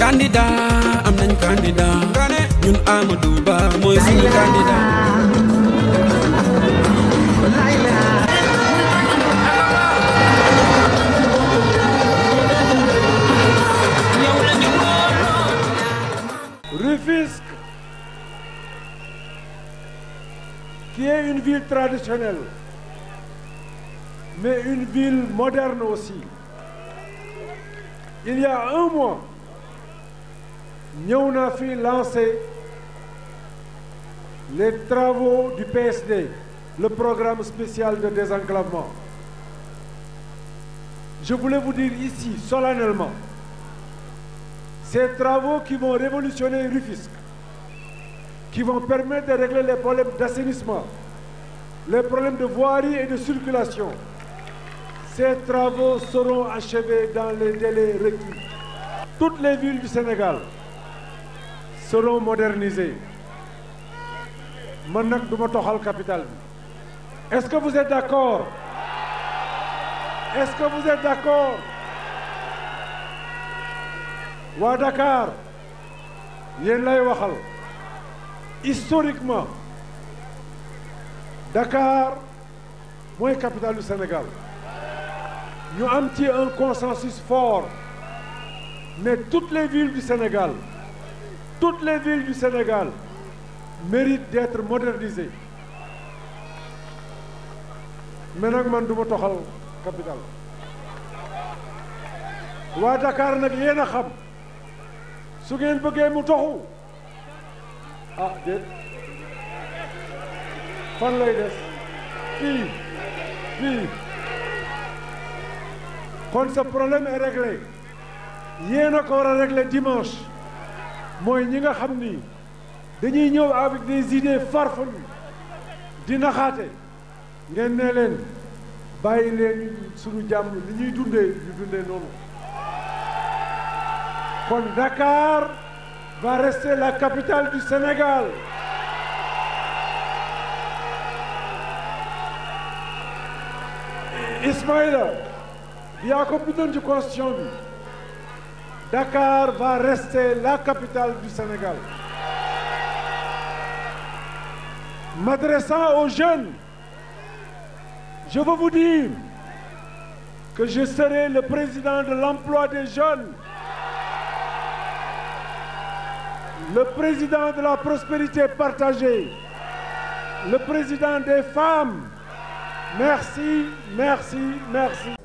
candidat am nañ candidat ñun Amadou Ba mooy suñu candidat. Rufisque, qui est une ville traditionnelle mais une ville moderne aussi il y a un mois ñëw naa fi lancé les travaux du PSD le programme spécial de désenclavement je voulais vous dire ici solennellement ces travaux qui vont révolutionner Rufisque qui vont permettre de régler les problèmes d'assainissement les problèmes de voirie et de circulation Ces travaux seront achevés dans les délais requis. Toutes les villes du senegal seront modernisées. man nag du toxal capital bi est-ce que vous êtes d'accord est-ce que vous êtes d'accord waa Dakar yéen lay waxal historiquement Dakar mooy capitale du Sénégal ñu am ci un consensus fort mais toutes les villes du Sénégal toutes les villes du Sénégal méritent d'être modernisées mais nag man du ma toxal capital waa Dakar nag yéen a xam su ngeen bëggee mu toxu ah déet fan lay des fii fii kon sa problème est réglé yéen a ko war a réglé dimanche mooy ñi nga xam ni dañuy ñëw avec des idées farfelues di naxaate ngeen ne leen leen suñu jàmm li ñuy dundee ñu dundee noonu kon Dakar va rester la capitale du Sénégal Ismaïla yaa ko bindoon ci constitution bi Dakar va rester la capitale du Sénégal m'adressant aux jeunes je veux vous dire que je serai le président de l'emploi des jeunes le président de la prospérité partagée le président des femmes merci merci